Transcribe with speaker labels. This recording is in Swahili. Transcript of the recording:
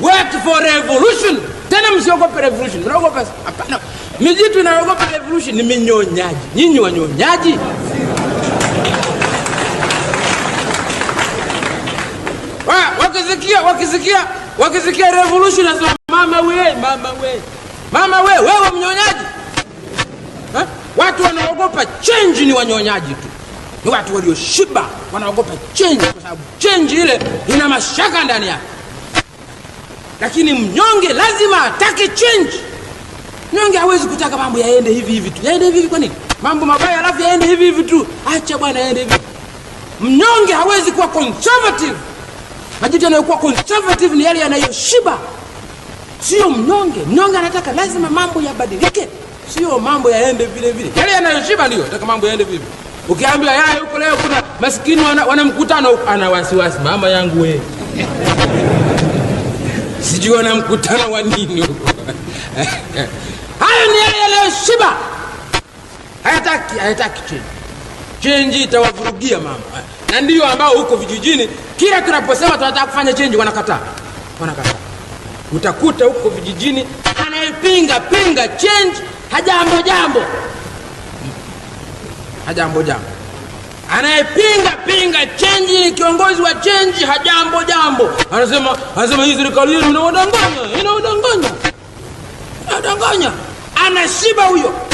Speaker 1: work for revolution. Tena msiogope revolution. Mnaogopa? Hapana. Mijitu inaogopa revolution ni minyonyaji. Nyinyi wanyonyaji. Wa, wakisikia wakisikia wakisikia revolution nasema mama we, mama we. Mama we, wewe mnyonyaji. Ha? Watu wanaogopa change ni wanyonyaji tu. Ni watu walioshiba wanaogopa change kwa sababu change ile ina mashaka ndani yake lakini mnyonge lazima atake change. Mnyonge hawezi kutaka mambo yaende hivi hivi tu, yaende hivi hivi. Kwa nini mambo mabaya alafu yaende hivi hivi tu? Acha bwana, yaende hivi. Mnyonge hawezi kuwa conservative. Majuto yanayokuwa conservative ni yale yanayoshiba, sio mnyonge. Mnyonge anataka lazima mambo yabadilike, sio mambo yaende vile vile. Yale yanayoshiba ndio nataka mambo yaende vile vile. Ukiambiwa yaya huko leo kuna maskini wana, wana mkutano, ana wasiwasi mama yangu wewe sijua na mkutano wa nini huko hayo ni yale yaliyoshiba hayataki hayataki chenji chenji itawavurugia mama na ndio ambao huko vijijini kila tunaposema tunataka kufanya chenji wanakataa wanakataa utakuta huko vijijini anayepinga pinga chenji hajambo jambo hajambo jambo anayepinga pinga chenji ni kiongozi wa chenji wananchi hajambo jambo, anasema anasema hii serikali yenu inawadanganya, inawadanganya, inadanganya. Anashiba huyo.